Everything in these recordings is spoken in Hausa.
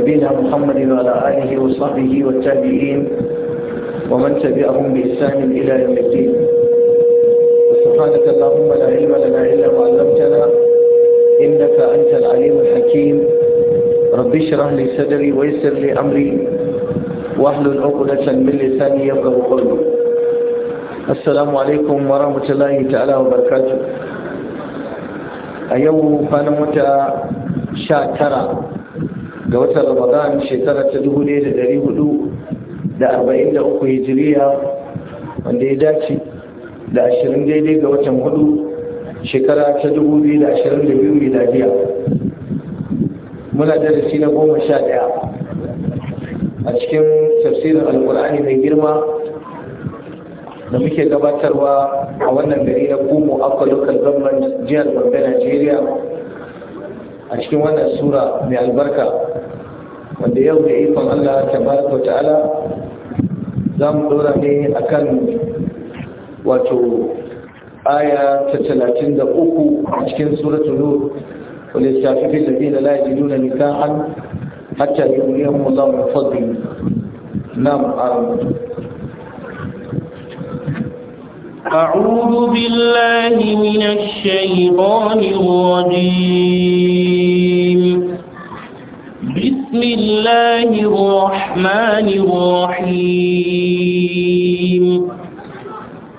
نبينا محمد وعلى آله وصحبه والتابعين ومن تبعهم بإحسان إلى يوم الدين سبحانك اللهم لا علم لنا إلا ما علمتنا إنك أنت العليم الحكيم رب اشرح لي صدري ويسر لي أمري واحلل عقدة من لساني يفقه قولي السلام عليكم ورحمة الله تعالى وبركاته أيوه فأنا متى sha tara ga watan ramadan shekara ta dubu ɗaya da hudu da arba'in da uku hijiriya wanda ya dace da ashirin daidai ga watan hudu shekara ta dubu biyu da ashirin da biyu miladiya muna darasi na goma sha ɗaya a cikin tafsirin alkur'ani mai girma da muke gabatarwa a wannan gari na kumo akwai local government jihar babban nigeria a cikin wannan sura mai albarka wanda yau da ikon Allah tabaraka ta'ala za mu dora ne akan wato aya ta talatin da uku a cikin suratul nur wanda ya shafi fi ladina la yajiduna nikahan hatta yughniyahum Allah min fadlihi nam aram أعوذ بالله من الشيطان الرجيم بسم الله الرحمن الرحيم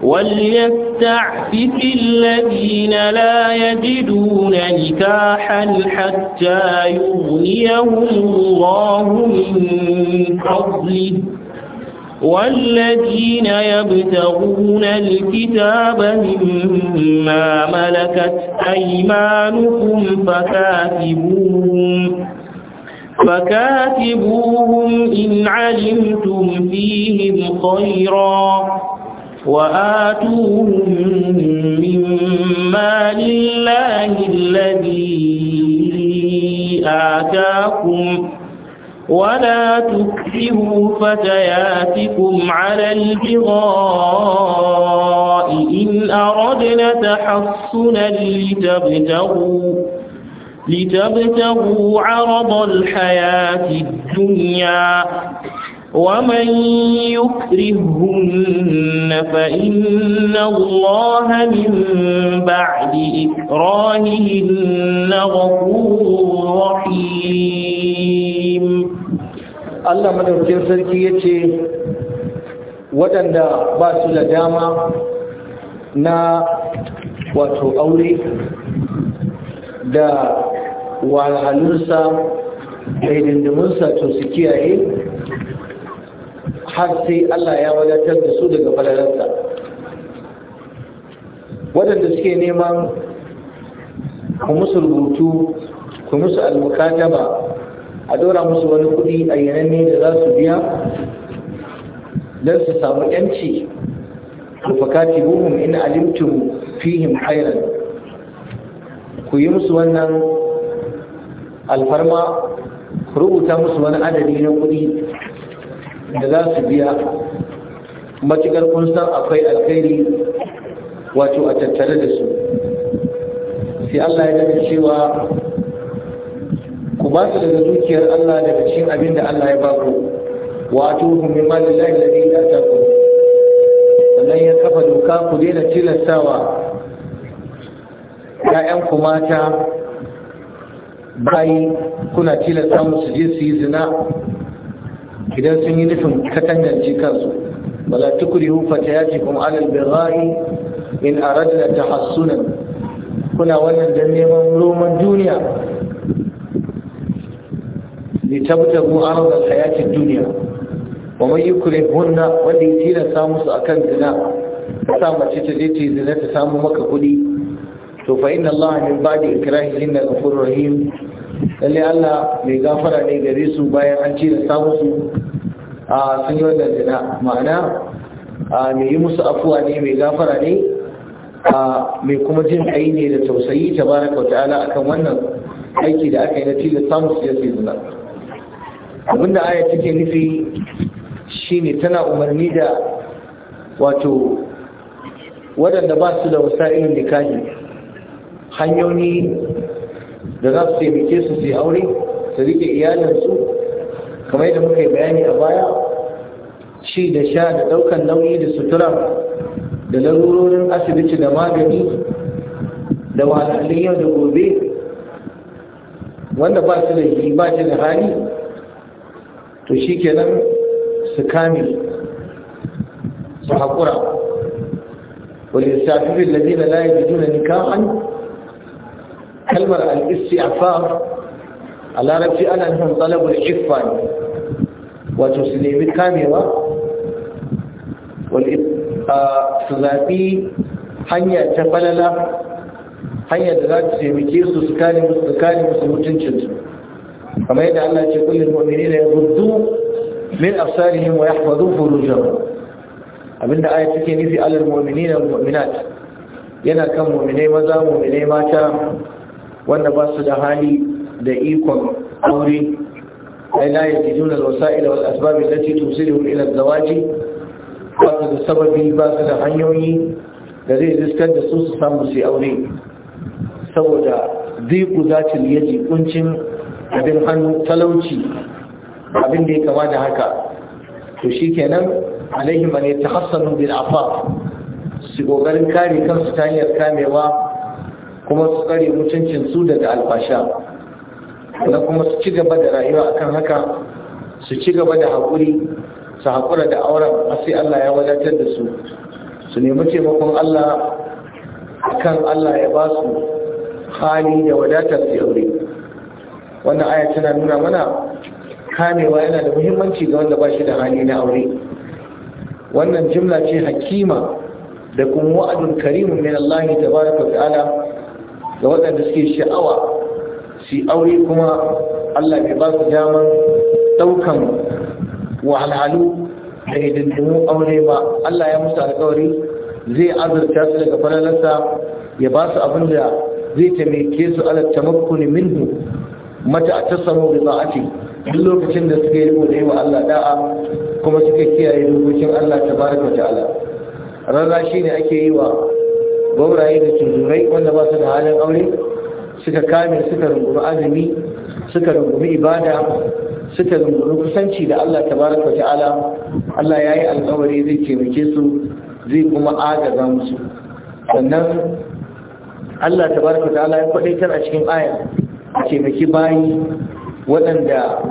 وليستعفف الذين لا يجدون نكاحا حتى يغنيهم الله من فضله والذين يبتغون الكتاب مما ملكت أيمانكم فكاتبوهم فكاتبوهم إن علمتم فيهم خيرا وآتوهم مما لله الذي آتاكم ولا تكرهوا فتياتكم على البغاء إن أردنا تحصنا لتبتغوا لتبتغوا عرض الحياة الدنيا ومن يكرهن فإن الله من بعد إكراههن غفور رحيم الله مدوكين سركي يتي waɗanda ba su da dama na wato aure da wahalhalunsa mai hidindiminsa to su kiyaye har sai Allah ya wadatar da su daga falalarsa waɗanda suke neman ku musu rubutu ku musu almukataba a dora musu wani kuɗi a yananne da za su biya don su samu yanci ku fakati buhun in alimtum fihim khairan ku yi musu wannan alfarma rubuta musu wani adadi na kuɗi da za su biya matuƙar kun san akwai alkhairi wato a tattare da su sai Allah ya daga cewa ku ba su daga dukiyar Allah daga cikin abin da Allah ya ba ku wato min mali lahi da ya ta ku sannan ya kafa doka ku daina tilastawa Ya'yan ku mata bayi kuna tilasta musu je su yi zina idan sun yi nufin katangance kansu wala tukrihu fatayatikum ala albira'i in aradna tahassunan kuna wannan dan neman roman duniya li a arda hayatid dunya wa man yukrihunna wanda yake da samu su kan zina ka sa mace ta je ta zina ta samu maka kuɗi to fa inna ba da ba'di ikrahihinna ghafurur rahim lalle Allah mai gafara ne gare su bayan an ce da samu su a sun yi wannan zina ma'ana mai yi musu afuwa ne mai gafara ne mai kuma jin ayi ne da tausayi ta baraka ala a akan wannan aiki da aka yi na tilasta Samus ya fi zina abinda aya take nufi shine tana umarni da wato waɗanda ba su da da kaji hanyoyi da za su taimake su su aure su rike iyalinsu kamar yadda muka yi bayani a baya ci da sha da ɗaukan nauyi da sutura da larurorin asibiti da magani da wahalhalun yau da gobe wanda ba su da yi ba shi da hali to shi kenan su kame su haƙura wani lissafi da lalina layi da juna nikahan kalmar al-istighfar a larabci ana nufin talabul iffa ne wato su nemi kamewa su zaɓi hanya ta falala hanya da za ta taimake su su kare musu su kare musu mutuncinsu kamar yadda Allah ce kullum mu'mini ne ruddu min afsarihim wa yahfazu furujahum abinda aya take nufi alal mu'minina na mu'minat yana kan mu'minai maza mu'minai mata wanda ba su da hali da ikon aure ai la yajidun wasu wasaila na asbab allati tusiluhum ila da zawaj ba su da sababi ba su da hanyoyi da zai riskar da su su samu su aure saboda za zatil yaji jikuncin abin hannu talauci abin da ya kama da haka to shi kenan shikenan ne ta hassanu bin afaf su gogarin kare kansu ta hanyar kamewa kuma su tsare su daga alfasha na kuma su ci gaba da rayuwa akan haka su ci gaba da haƙuri su haƙura da auren a Allah ya wadatar da su su nemi taimakon Allah akan Allah ya ba su hali da wadatar su aure wannan aya tana nuna mana kamewa yana da muhimmanci ga wanda ba shi da hali na aure wannan jimla ce hakima da kuma wa'adun karimun min Allah ta wa ta'ala ga waɗanda suke sha'awa su aure kuma Allah bai ba su daman ɗaukan wahalhalu da hidindimu aure ba Allah ya musu alkawari zai azurta su daga falalarsa ya ba su abin da zai taimake su ala tamakkuni minhu mata ta samu bi duk lokacin da suka yi riko da yawa Allah da'a kuma suka kiyaye dokokin Allah ta baraka ta'ala rarra shine ake yi wa gauraye da tuzurai wanda ba su da halin aure suka kame suka rungumi azumi suka rungumi ibada suka rungumi kusanci da Allah tabaraka ta'ala Allah ya yi alkawari zai taimake su zai kuma agaza musu sannan Allah tabaraka ta'ala ya kwadaitar a cikin aya a taimaki bayi waɗanda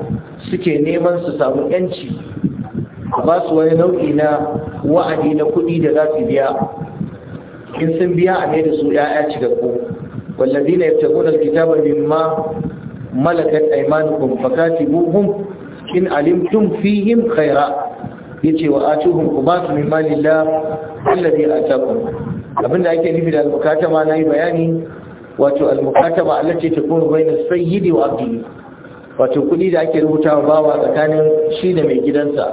suke neman su samu yanci ba su wani nau'i na wa'adi na kuɗi da za su biya in sun biya a da su ya'ya cigaggu wallazi na yabtaguna alkitaba mimma malakat aymanukum fakatibuhum in alimtum fihim khaira yace wa atuhum qubat min malillah alladhi atakum abinda ake nufi da almukataba na yi bayani wato almukataba allati takunu bayna sayyidi wa abdihi wato kudi da ake rubuta wa bawa tsakanin shi da mai gidansa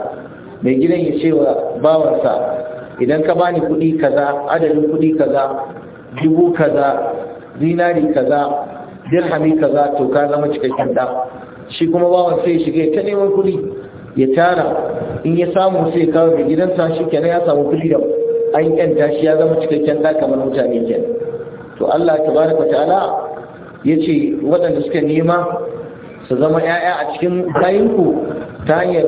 mai gidan ya ce wa bawansa idan ka bani kuɗi kaza adadin kuɗi kaza dubu kaza zinari kaza dirhami kaza to ka zama cikakken da shi kuma bawan sai shiga ta neman kuɗi ya tara in ya samu sai kawo mai gidansa shi kenan ya samu kuɗi da an yanta shi ya zama cikakken da kamar mutane kenan to Allah tabaraka ta'ala yace waɗanda suka nema su zama 'ya'ya a cikin bayinku ta hanyar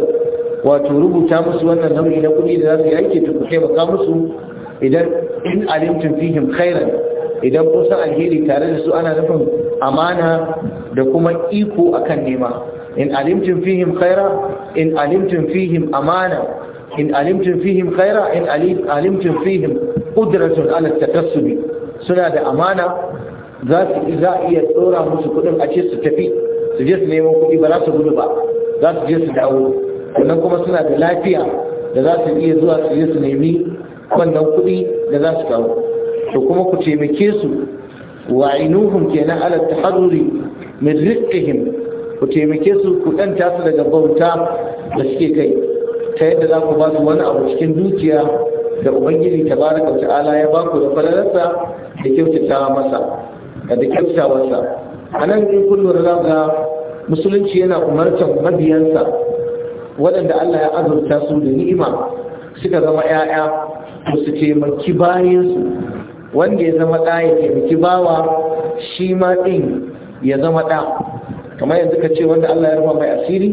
wato rubuta musu wannan nauyi na kuɗi da za su yi aiki ta ku taimaka musu idan in alimtum fihim khairan idan kusan alheri tare da su ana nufin amana da kuma iko akan nema in alimtum fihim khaira in alimtum fihim amana in alimtum fihim khaira in alimtum fihim qudratun ala takassubi suna da amana za su za iya tsora musu kudin a ce su tafi su je su nemo kudi ba za su gudu ba za su je su dawo sannan kuma suna da lafiya da za su iya zuwa su yi su nemi wannan kuɗi da za su kawo to kuma ku taimake su wa inuhum kenan ala taharruri min rizqihim ku taimake su ku danta su daga bauta da suke kai ta yadda za ku ba su wani abu cikin dukiya da ubangiji tabaraka ta'ala ya baku da falalarsa da kyautata masa da kyautata masa a nan in kullu lura musulunci yana umartar mabiyansa waɗanda Allah ya azurta su da ni'ima suka zama 'ya'ya to su taimaki bayansu wanda ya zama ɗa ya taimaki bawa shi ma ɗin ya zama ɗa kamar yanzu ka ce wanda Allah ya rufa mai asiri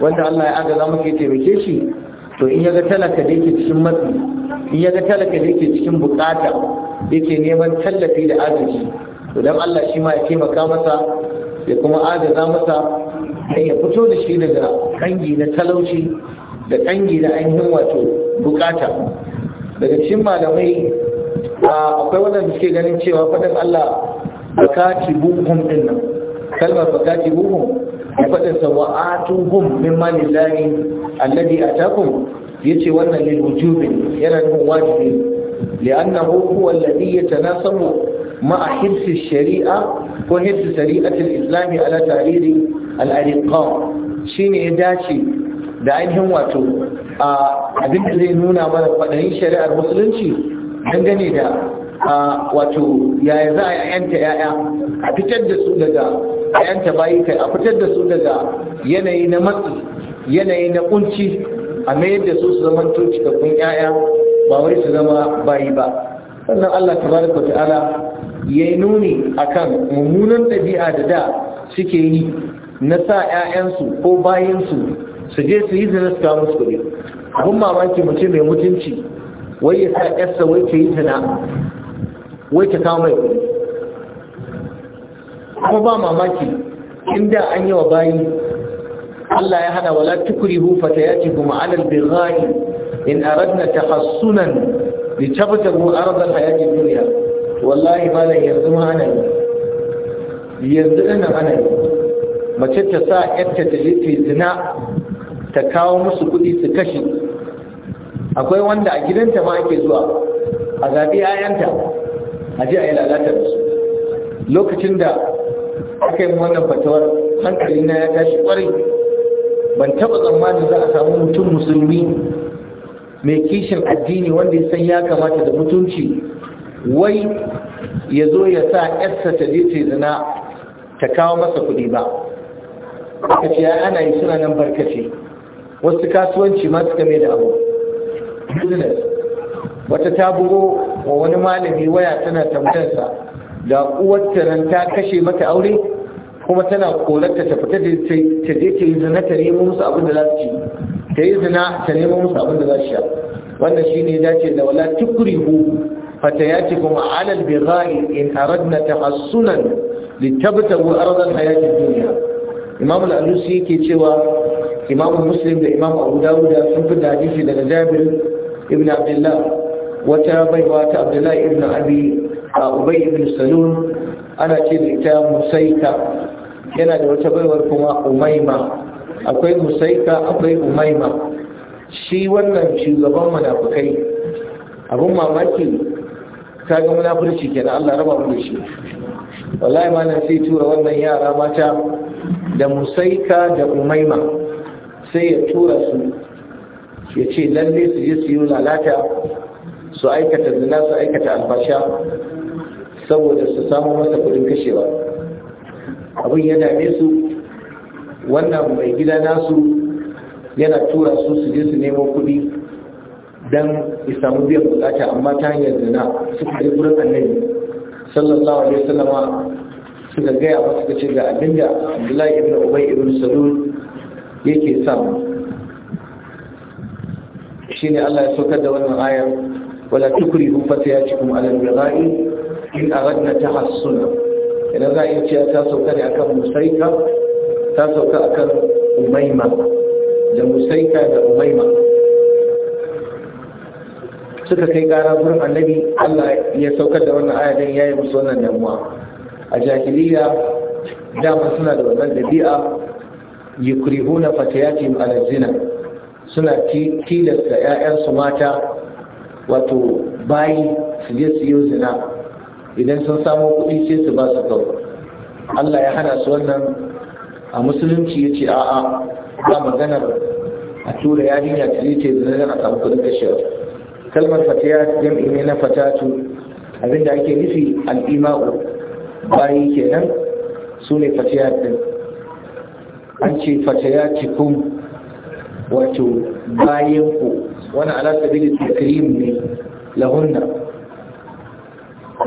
wanda Allah ya aga zama ke taimake shi to in ya ga talaka da yake cikin matsi in ya ga talaka da yake cikin bukata yake neman tallafi da arziki to don Allah shi ma ya taimaka masa ya kuma agaza masa sai ya fito da shi daga kangi na talauci da kangi na ainihin wato bukata daga cikin malamai akwai waɗanda suke ganin cewa faɗin Allah fakati buhum din nan kalmar fakati buhum a faɗin sa wa atuhum min mali lahi alladhi atakum yace wannan ne wujubi yana nufin wajibi li'annahu huwa alladhi yatanasabu ma'a hirsi shari'a ko hirsi shari'atul islami ala tariri al'ariƙa shi ne ya dace da ainihin wato abin da zai nuna mara kwaɗayin shari'ar musulunci dangane da wato yaya za a yanta yaya a fitar da su daga yanta bayi kai a fitar da su daga yanayi na matsi yanayi na kunci a mayar da su su zama cikakkun yaya ba wai su zama bayi ba sannan Allah tabaraka ta'ala ya yi nuni akan mummunan ɗabi'a da da suke yi na sa 'ya'yansu ko bayansu su je su yi zina su kawo musu kuɗi abin mamaki mace mai mutunci wai ya sa ƴarsa wai ta yi zina wai ta kawo mai kuɗi kuma ba mamaki inda an yi wa bayi Allah ya hana wala tukrihu fatayatikum ala al-bighai in aradna tahassunan litabtagu tabbatar al-hayat hayakin duniya. wallahi malan yanzu ma ana yanzu ina ana mace ta sa yadda ta je zina ta kawo musu kuɗi su kashe akwai wanda a gidanta ma ake zuwa a zaɓi 'ya'yanta a ji a yi lalatar su lokacin da aka yi wannan fatawar hankali na ya tashi ƙwarai ban taɓa tsammanin za a samu mutum musulmi mai kishin addini wanda ya san ya kamata da mutunci wai ya zo ya sa yarsa ta je zina ta kawo masa kuɗi ba aka ce ya ana yi suna nan barkace wasu kasuwanci ma suka mai da abu business wata ta bugo wa wani malami waya tana tambayarsa da uwar nan ta kashe mata aure kuma tana korarta ta fita ta je ta yi zina ta nemo musu abin da za su ci ta yi zina ta nemo musu abin da za su sha wannan shi ne dace da wala tukrihu fatayatikum ala al-bighai in aradna tahassunan litabtagu arda al-hayati ad-dunya imam al yake cewa imam muslim da imam abu dawuda sun fi hadisi daga jami'in ibn abdullah wata baiwa ta abdullah ibn abi ubai ibn salun ana ce da ita musaika yana da wata baiwar kuma umaima akwai musaika akwai umaima shi wannan shugaban munafukai abin mamaki ta ga munafurci kenan Allah raba mu da shi wallahi na sai tura wannan yara mata da musaika da umaima sai ya tura su ya ce lalle su je su yi lalata su aikata zina su aikata albasha saboda su samu masa kudin kashewa abin ya dame su wannan mai gida nasu yana tura su su je su nemo kudi don isamu biyan bukata amma ta hanyar zina suka yi gurin annabi sallallahu alaihi wasallama suka gaya ba suka ce ga abinda abdullahi ibn ubay ibn salul yake samu ne Allah ya saukar da wannan ayar wala tukrihu fatayatikum ala al-bigha'i in aradna tahassuna idan za a yi cewa ta sauka ne akan musaika ta sauka akan umaima da musaika da umaima suka kai gara gurin annabi Allah ya saukar da wannan ayar don yayi musu wannan damuwa a jahiliya dama suna da wannan dabi'a yukrihuna fatayatim ala zina suna tilasta 'ya'yansu mata wato bayi su je su yi zina idan sun samu kuɗi sai su ba su kawai Allah ya hana su wannan a musulunci ya ce a'a ba maganar a tura yarinya ta yi ce zina a samu kuɗin kashewa kalmar fatiya jam'i ne na fatatu abinda ake nufi al'ima'u bayi kenan su ne fatiyat din an ce cikin wato bayanku wani alasabili takrim ne lahunna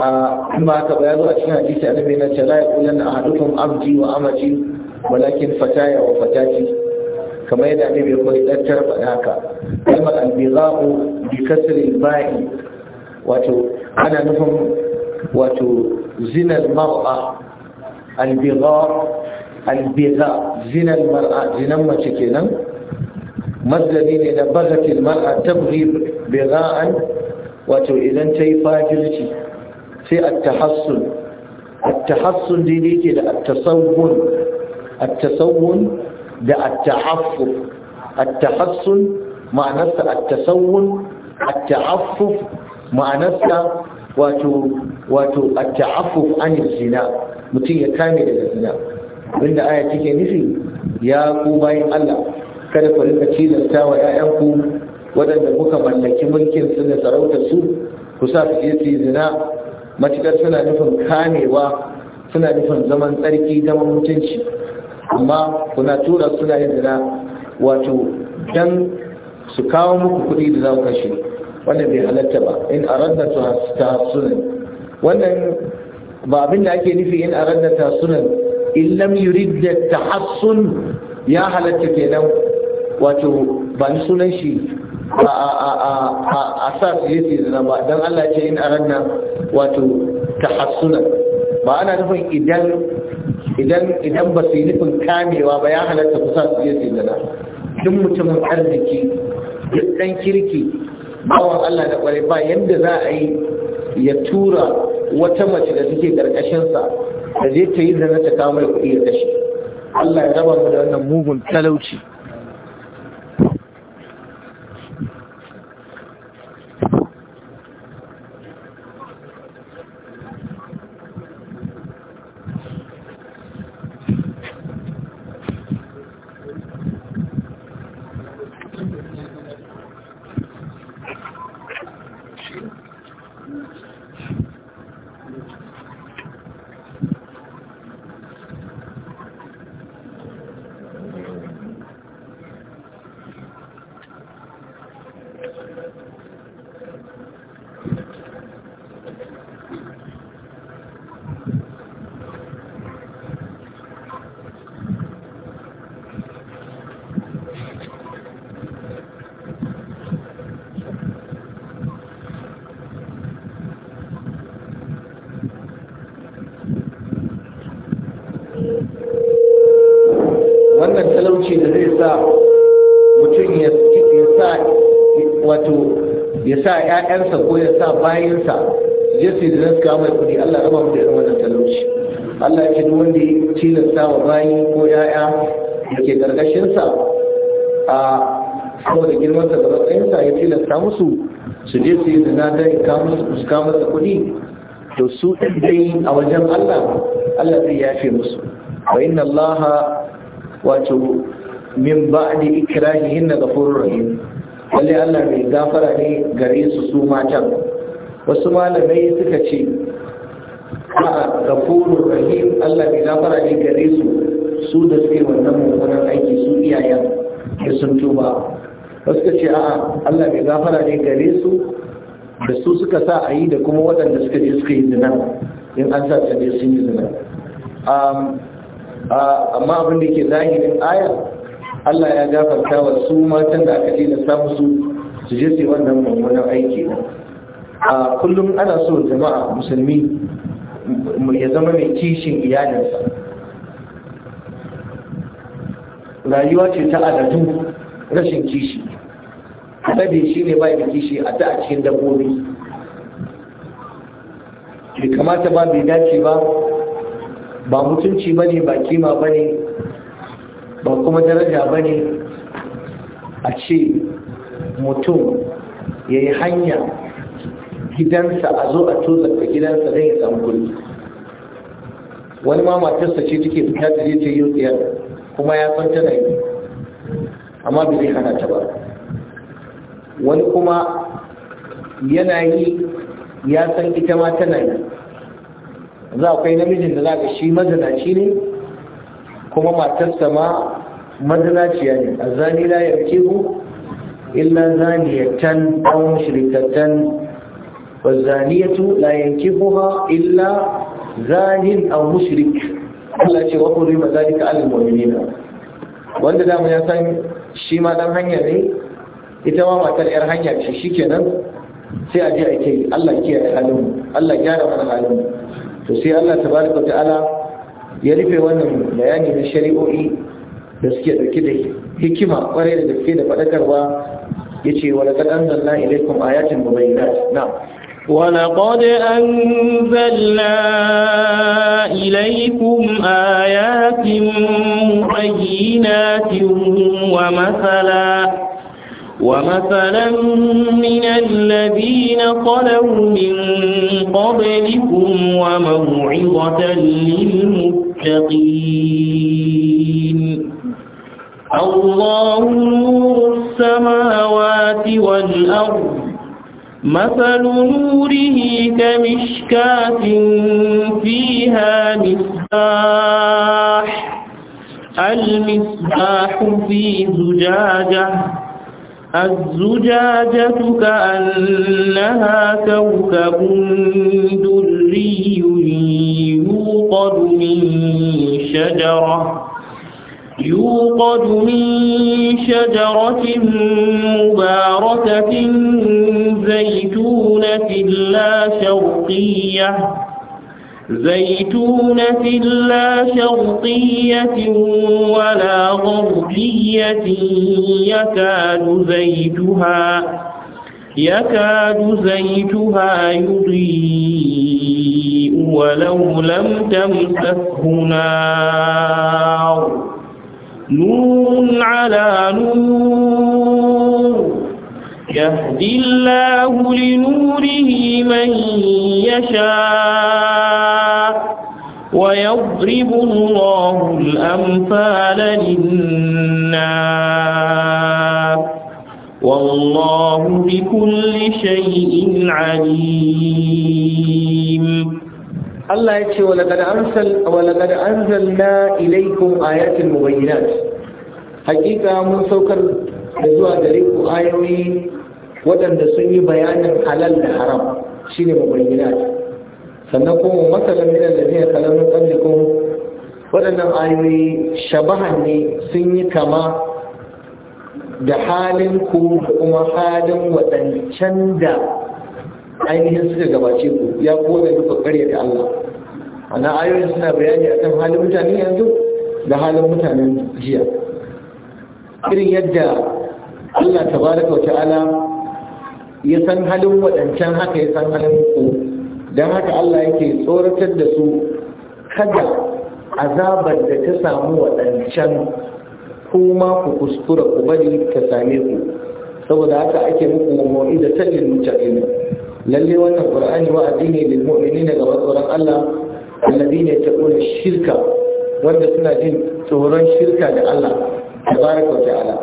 a maka ba ya zo a cikin hadisi annabi na ce la yaqulanna ahadukum abdi wa amati walakin fataya wa fatati kamar yadda annabi ya koyi dan tarfa haka kalmar albighu bi kasri Bayi wato ana nufin وتزن المرأة البغاء البغاء زنا المرأة زنا ما تكينا ما الدليل إذا بغت المرأة تبغي بغاء وإذا انت فاجرتي في التحصن التحصن دليل إلى التصون التصون دا التعفف التحصن مع نفس التصون التعفف مع نفس وتو wato at-ta'affuf an zina mutum ya kame daga zina inda aya take nufi ya ku bayan Allah kada ku rika cilasta wa ƴaƴanku waɗanda kuka mallaki mulkin su da sarauta su ku sa su su yi zina matukar suna nufin kamewa suna nufin zaman tsarki zaman mutunci amma kuna tura suna yin zina wato dan su kawo muku kuɗi da za ku kashe wannan bai halatta ba in aradna ta hasunan wannan ba abin da ake nufi in aradda tasunan in lam yurid da tahassun ya halatta kenan wato ba ni sunan shi a sa su yi zina ba don Allah ce in aradna wato tahassuna ba ana nufin idan idan ba su yi nufin kamewa ba ya halatta kusa su yi su zina duk mutumin arziki duk dan kirki bawan Allah da kwarai ba yadda za a yi ya tura wata mace da take ƙarƙashinsa da zai ta yi zana ta kawo mai kuɗi ya kashe Allah ya raba mu da wannan mugun talauci talauci da zai sa mutum ya sa wato ya sa ‘ya'yansa ko ya sa bayansa ya su da nasu mai kudi Allah raba mu da irin wannan talauci Allah ya ce duk wanda ya sa wa bayi ko ƴaƴa da ke gargashinsa a saboda sa da matsayin sa ya tilasta musu su je su yi zina don su kawo masa kudi to su ɗin a wajen Allah Allah zai yafe musu wa inna Allah wato min ba ba'di ikrahihin na gafurur rahim wale Allah mai gafara ne gare su su matan wasu malamai suka ce a gafurur rahim Allah mai gafara ne gare su su da suke wannan mummunan aiki su iyayen da sun tuba wasu ka ce a'a Allah mai gafara ne gare su da su suka sa a yi da kuma waɗanda suka je suka yi zina in an sa su je sun yi zina amma abin da ke zahirin ayar Allah ya gafarta wa su matan da aka tilasta samu su je sai wannan mummunan aiki a kullum ana so jama'a musulmi ya zama mai kishin iyalinsa rayuwa ce ta adadu rashin kishi alabi shi ne bai da kishi a ta a cikin dabbobi bai kamata ba bai dace ba ba mutunci ba ne ba kima ba ne ba kuma daraja ba ne a ce mutum ya yi hanya gidansa a zo a da gidansa zai ya wani ma matarsa ce take fita ta je ta yi tsayar kuma ya san tana yi amma bai zai hana ta ba wani kuma yana yi ya san ita ma tana yi za akwai namijin da zaka shi mazanaci ne kuma matarsa ma mazanaciya ne A azani la yarkibu illa zaniyatan aw mushrikatan wa zaniyatu la yankihuha illa zanin aw mushrik Allah ce wa kullu mazalika al mu'minina wanda da mu ya san shi ma ɗan hanya ne ita ma matar yar hanya ce shikenan sai a je a kai Allah kiyaye halin Allah gyara mana halin to sai Allah tabaraka ta'ala ya rufe wannan bayani na shari'o'i da suke dauke da hikima kware da gaske da fadakarwa yace wala qad anzalna ilaykum ayatin mubayyinat na'am ولقد أنزلنا إليكم آيات مبينات ومثلا ومثلا من الذين خلوا من قبلكم وموعظة للمتقين الله نور السماوات والأرض مثل نوره كمشكاة فيها مصباح المصباح في زجاجة الزجاجة كأنها كوكب دري يوقد من شجرة يوقد من شجرة مباركة زيتونة لا شرقية زيتونة لا شرقية ولا غربية يكاد زيتها يكاد زيتها يضيء ولو لم تمسكه نار نور على نور يهدي الله لنوره من يشاء ويضرب الله الأمثال للناس والله بكل شيء عليم الله يتشي ولقد, أنزل ولقد أنزلنا إليكم آيات المبينات حقيقة من سوكر da دليل آيوي waɗanda sun yi bayanin halal da haram shine mubayyinat sannan kuma masalan min alladhina khalu min waɗannan ayoyi shabahan ne sun yi kama da halin ku da kuma halin waɗancan da ainihin suka gabace ku ya kone duka ƙarya da Allah ana ayoyin suna bayani akan halin mutane yanzu da halin mutanen jiya irin yadda Allah tabaraka wa ta'ala ya san halin waɗancan haka ya san halin ku don haka Allah yake tsoratar da su kada azabar da ta samu waɗancan kuma ku kuskura ku bari ta same ku saboda haka ake muku mawai da tallin mutane lalle wannan qur'ani wa'azi ne lil mu'minina ga tsoron Allah alladine ta'ula shirka wanda suna jin tsoron shirka da Allah tabaraka wa ta'ala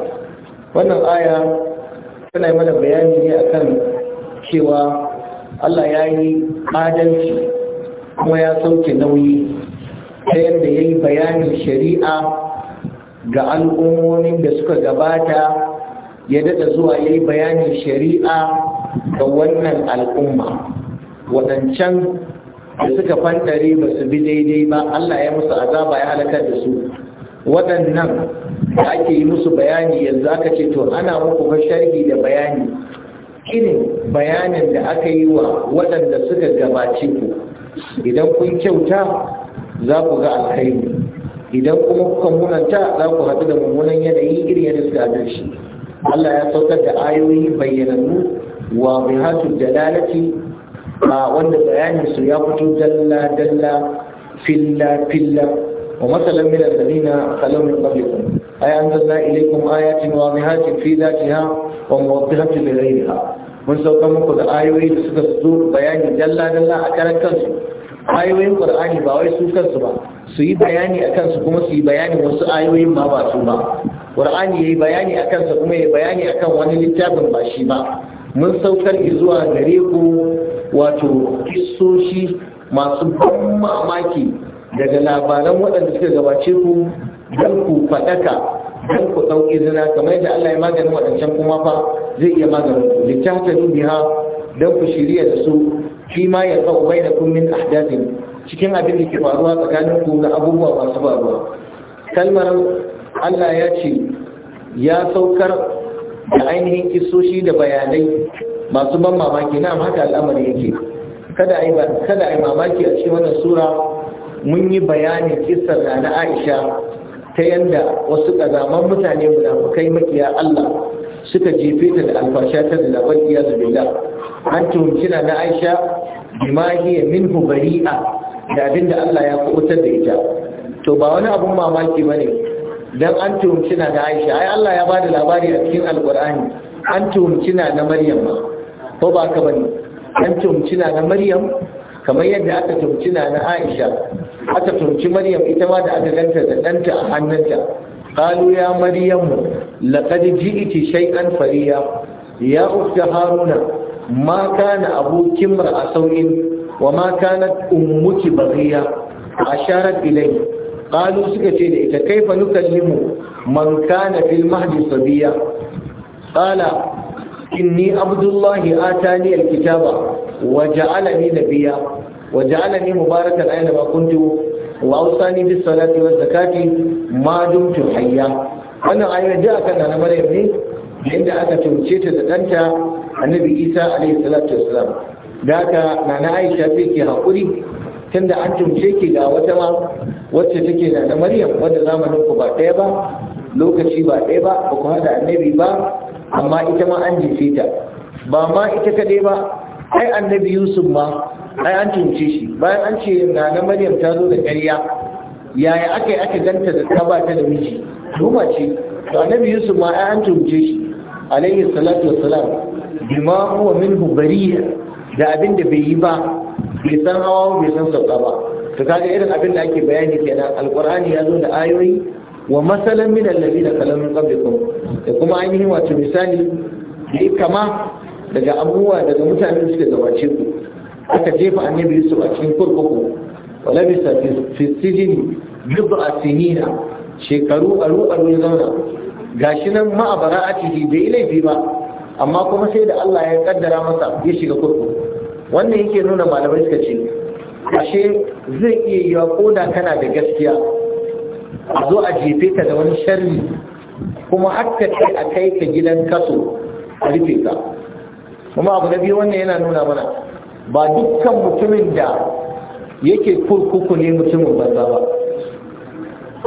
wannan aya suna yi mana bayani ne a kan cewa Allah ya yi adalci kuma ya sauke nauyi ta yadda ya yi bayanin shari'a ga al'ummomin da suka gabata ya daɗa zuwa ya yi bayanin shari'a ga wannan al'umma waɗancan da suka fantare ba su bi daidai ba Allah ya musu azaba ya halakar da su waɗannan da ake yi musu bayani yanzu aka ce to ana muku fa sharhi da bayani irin bayanin da aka yi wa waɗanda suka gabace ku idan kun kyauta za ku ga alkhairi idan kuma kuka munanta za ku haɗu da mummunan yanayi irin yadda suka haɗu shi Allah ya saukar da ayoyi bayyanannu wa da dalalati ba wanda bayanin su ya fito dalla dalla filla filla ومثلا من الذين خلوا من قبلكم أي أنزلنا إليكم آيات واضحات في ذاتها وموضحة لغيرها mun sauka muku da ayoyi da suka zo bayani dalla-dalla a karan kansu ayoyin ba wai su ba su yi bayani a kansu kuma su yi bayani wasu ayoyin ba su ba qur'ani yayi bayani a kansa kuma yayi bayani akan wani littafin bashi ba mun saukar zuwa gare ku wato kisoshi masu ban mamaki daga labaran waɗanda suka gabace ku don ku faɗaka don ku ɗauki zina kamar yadda Allah ya maganin waɗancan kuma fa zai iya maganin ku littafin biha don ku shirya da su shi ma ya kawo bai da kummin ahdasin cikin abin da ke faruwa tsakanin ku na abubuwa masu faruwa kalmar Allah ya ce ya saukar da ainihin kisoshi da bayanai masu ban mamaki na haka al'amari yake kada a yi mamaki a cikin wannan sura mun yi bayanin kisar da na aisha ta yanda wasu ƙazaman mutane munafukai makiya allah suka jefe ta da alfasha ta da labar iya zubila an tuhumcina na aisha bimahiya min hubari'a da abin da allah ya kubutar da ita to ba wani abun mamaki ba ne don an tuhumcina na aisha ai allah ya ba da labari a cikin alkur'ani an tuhumcina na maryam ba ko ba ka bane an tuhumcina na maryam kamar yadda aka tumci na na aisha aka tumci maryam ita ma da aka ganta da ɗanta a hannunta kalu ya maryam laqad ji'ti shay'an fariya ya ukta haruna ma kana abu a sauyin wa ma kanat ummuki baghiya asharat ilayhi kalu suka ce da ita kaifa nukallimu man kana fil mahdi sabiya qala inni abdullahi atani alkitaba waja'alani nabiyya waja'alani mubarakan aina ma kuntu wa awsani bis salati wa zakati ma dumtu hayya wannan ayoyin da aka nana maryam ne inda aka tunce ta da danta annabi isa alayhi salatu wassalam da aka nana aisha ce ke hakuri tunda an tunce ki ga wata ma wacce take nana maryam wanda zamanin ku ba daya ba lokaci ba daya ba ba ku hada annabi ba amma ita ma an jifita ba ma ita kaɗai ba ai annabi yusuf ma ai an tunce shi bayan an ce na na maryam ta zo da ƙarya yaya aka yi aka ganta da ta ba ta da miji duma ce to annabi yusuf ma ai an tunce shi alaihi salatu wassalam bima huwa minhu bariya da abin da bai yi ba bai san hawa bai san sauka ba to kaga irin abin da ake bayani kenan alqur'ani ya zo da ayoyi wa masalan min alladhina kalamu qablikum da kuma ainihin wato misali da kama daga abubuwa daga mutane suke suka gabace ku aka jefa annabi yusuf a cikin kurkuku Wala fi sijini bidu a sinina shekaru aru aru ya zauna gashi nan ma a ciki bai laifi ba amma kuma sai da Allah ya kaddara masa ya shiga kurkuku wannan yake nuna malamai suka ce ashe zai iya yiwa koda kana da gaskiya a zo a jefe ka da wani sharri kuma haka kai a kai ka gidan kaso a rufe ka kuma abu da biyu wannan yana nuna mana ba dukkan mutumin da yake kurkuku ne mutumin banza ba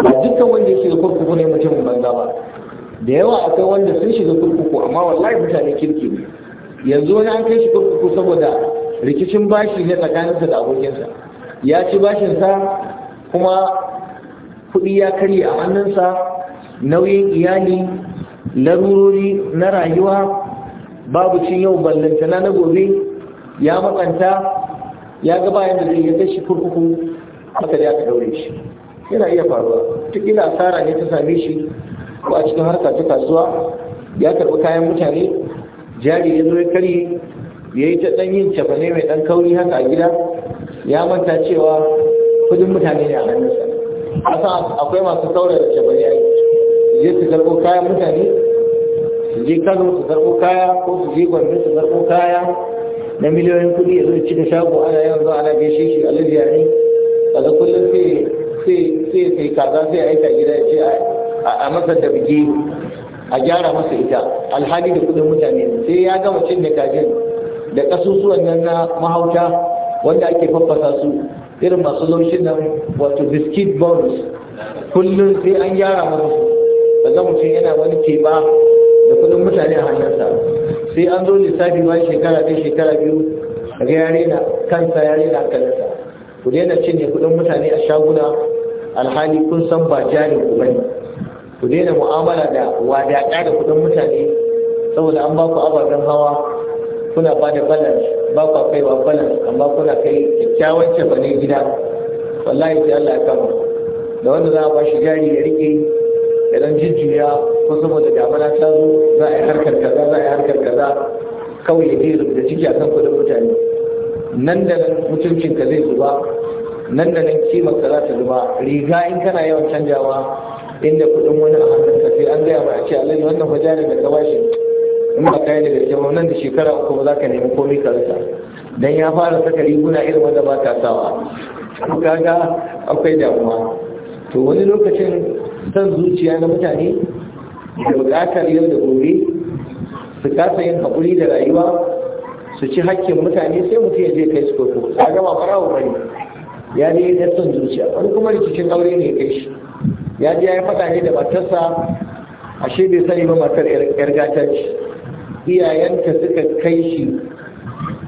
ba dukkan wanda yake kurkuku ne mutumin banza ba da yawa akwai wanda sun shiga kurkuku amma wallahi mutane kirki ne yanzu wani an kai shi kurkuku saboda rikicin bashi ne tsakaninsa da abokinsa ya ci bashinsa kuma kuɗi ya karye a hannunsa nauyin iyali larurori na rayuwa babu cin yau ballanta na gobe ya makanta ya ga bayan da zai ya kai shi kurkuku haka da ya daure shi yana iya faruwa tukila asara ne ta same shi ko a cikin harka ta kasuwa ya karɓi kayan mutane jari ya zo ya karye ya yi ta ɗan yin cafane mai ɗan kauri haka a gida ya manta cewa kudin mutane ne a hannunsa akwai masu saurara cafane a yi zai su karɓo kayan mutane su je kano su zarbo kaya ko su je gombe su zarbo kaya na miliyoyin kuɗi ya zuci cika shago ana yawan zuwa ana gaishe shi lafiya ne da kullum sai sai sai kaza sai aika gida ce a masa da buge a gyara masa ita alhali da kuɗin mutane sai ya gama cin da kajin da ƙasusuwan nan na mahauta wanda ake faffasa su irin masu laushin nan wato biskit bonus kullum sai an gyara masa su kaga mutum yana wani teba mutane a hannunsa sai an zo lissafi ma shekara ɗaya shekara biyu ga yare da kansa yare da kansa ku daina cinye kuɗin mutane a shaguna alhali kun san ba jari ku bane ku daina mu'amala da wadaƙa da kuɗin mutane saboda an ba ku ababen hawa kuna ba da balance ba ku ba balance amma kuna kai kyakkyawan cefane gida wallahi sai Allah ya kama da wanda za a ba shi jari ya rike Idan dan jujjuya ko saboda damana ta zo za a yi harkar kaza za a yi harkar kaza kawai ya je rubuta ciki a kan kudin mutane nan da nan mutuncinka zai zuba nan da nan kimar ka za ta zuba riga in kana yawan canjawa inda kudin wani a hannunka sai an gaya ba a ce alai wannan fajari da ka in ba kai da gaske ba nan da shekara uku ba za ka nemi komai ka rasa dan ya fara saka riguna irin wanda ba ka sawa kaga akwai damuwa to wani lokacin san zuciya na mutane da bukatar yau da gobe su kasa yin haƙuri da rayuwa su ci hakkin mutane sai mutum ya je kai su kofo a gama farawa bane ya je ya son zuciya wani kuma rikicin aure ne kai shi ya ji ya yi faɗa ne da matarsa ashe bai sani ba matar yar gata iyayenta suka kai shi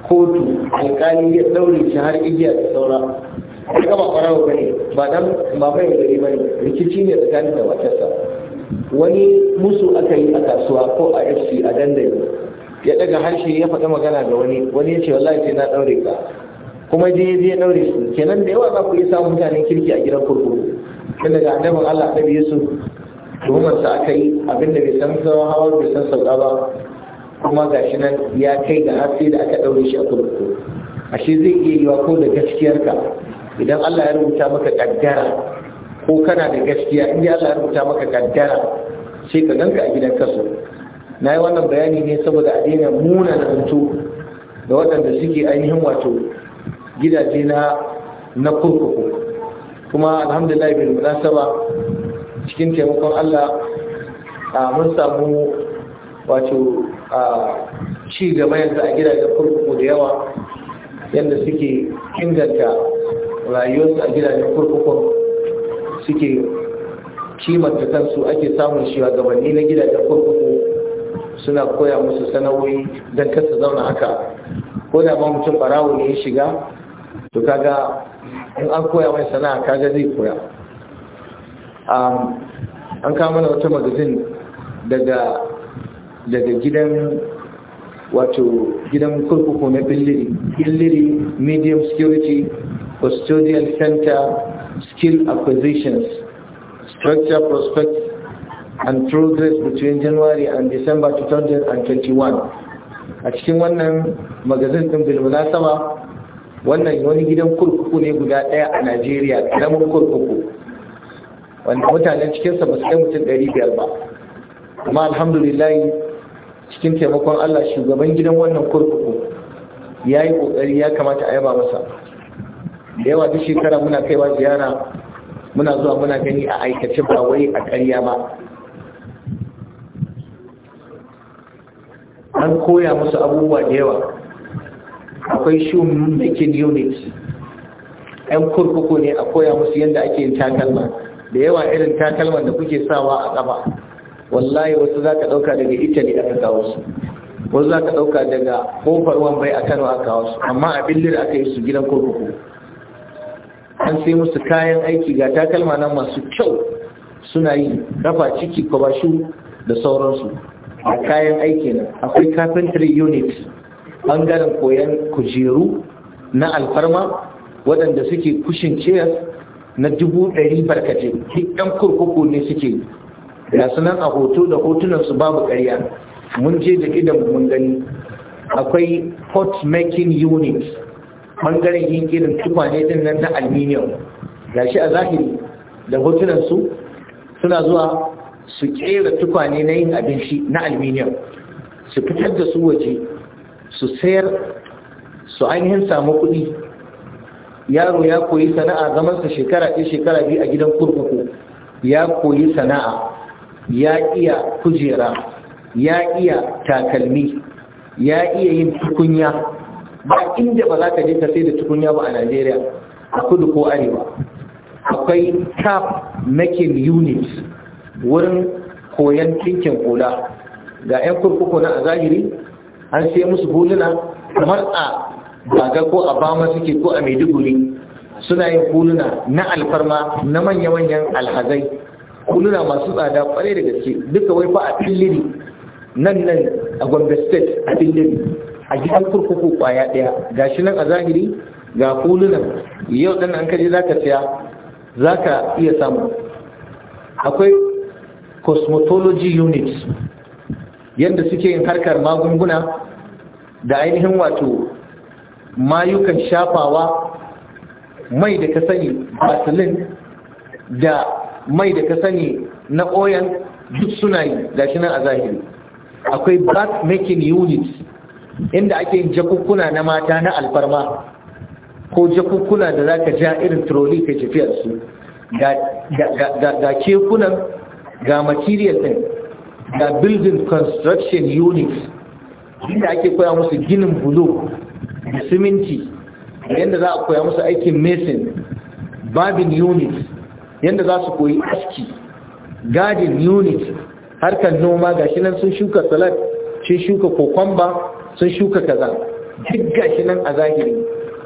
kotu alƙali ya ɗaure shi har igiya da saura ka ba ƙwararwa ba ne ba dan ba mai gari ba ne rikici ne tsakanin da matarsa wani musu aka yi a kasuwa ko a fc a dandali ya daga harshe ya faɗi magana ga wani wani ya ce wallahi sai na daure ka kuma je je daure su kenan da yawa za ku iya samun mutanen kirki a gidan kurkuku tun daga annabin allah annabi yusuf tuhumarsa aka yi abinda bai san sauran hawa bai san sauka ba kuma gashi nan ya kai da har da aka daure shi a kurkuku ashe zai iya yiwa ko da gaskiyarka idan Allah ya rubuta maka kaddara ko kana da gaskiya in Allah ya rubuta maka kaddara sai ka ganka a gidan kaso na yi wannan bayani ne saboda a daina muna na da waɗanda suke ainihin wato gidaje na na kurkuku kuma alhamdulillah bil munasaba cikin taimakon Allah mun samu wato ci gaba yanzu a gidajen kurkuku da yawa yadda suke inganta rayuwarsu a gidajen kurkukun suke kimanta kansu ake samun gabanni na gidajen kurkuku suna koya musu sanawoyi don kasa zauna haka ko da ba mutum barawo ne ya shiga to kaga in an koya mai sana'a kaga zai koya an kama na wata magazin daga gidan wato gidan kurkuku na billiri billiri medium security custodial center, skill acquisitions, structure prospects, and progress between January and December 2021. A cikin wannan magazin ɗin bilmunasaba wannan wani gidan kurkuku ne guda ɗaya a Najeriya, ƙaramin kurkuku, wanda mutanen cikinsa ba su kai mutum biyar ba. Amma alhamdulillahi cikin taimakon Allah shugaban gidan wannan kurkuku ya yi ƙoƙari ya kamata a yaba masa. da yawa duk shekara muna kaiwa ziyara muna zuwa muna gani a aikace ba wai a ƙarya ba an koya musu abubuwa da yawa akwai shun making unit yan kurkuku ne a koya musu yadda ake yin takalma da yawa irin takalman da kuke sawa a ƙaba wallahi wasu za ka ɗauka daga italy aka kawo su wasu za ka ɗauka daga ƙofar wambai a kano aka kawo su amma a billir aka yi su gidan kurkuku an sai musu kayan aiki ga takalma nan masu kyau suna yi rafa ciki kwabashu da sauransu a kayan aiki na akwai carpentry unit ɓangaren koyon kujeru na alfarma waɗanda suke kushin chairs na dubu ɗari barkace ɗan kurkuku ne suke ga sunan a hoto da hotunansu babu ƙarya mun je da idan mun gani akwai hot making unit Ɓangaren yin irin tukwane din nan na aluminium gashi a zahiri da hotunan su suna zuwa su kera tukwane na yin abinci na aluminium su fitar da su waje su sayar su ainihin samu kuɗi yaro ya koyi sana'a zamansa shekara ɗaya shekara biyu a gidan kurkuku ya koyi sana'a ya iya kujera ya iya takalmi ya iya yin tukunya ba inda ba za ka je ka sai da tukunya ba a Najeriya a kudu ko arewa akwai cap making unit wurin koyan tinkin hula ga 'yan kurkuku na a zahiri an sai musu huluna kamar a baga ko a bama suke ko a maiduguri suna yin huluna na alfarma na manya-manyan alhazai huluna masu tsada kwarai da gaske duka wai fa a filiri, nan nan a gombe state a filiri. a gidan kurkuku kwaya ɗaya ga shi nan a zahiri ga kulunan yau ɗan an kaje za ka siya za ka iya samu akwai cosmetology unit yadda suke yin harkar magunguna da ainihin wato mayukan shafawa mai da ka sani vaseline da mai da ka sani na oyan duk suna yi shi nan a zahiri akwai bath making unit inda ake yin jakukkuna na mata na alfarma ko jakukkuna da za ka ja irin troli ka a su ga kekunan ga material din ga building construction units inda ake koya musu ginin bulo da siminti yadda za a koya musu aikin mason babin unit yadda za su koyi aski garden unit harkar noma ga shi nan sun shuka salad sun shuka ba sun shuka kaza duk gashi nan a zahiri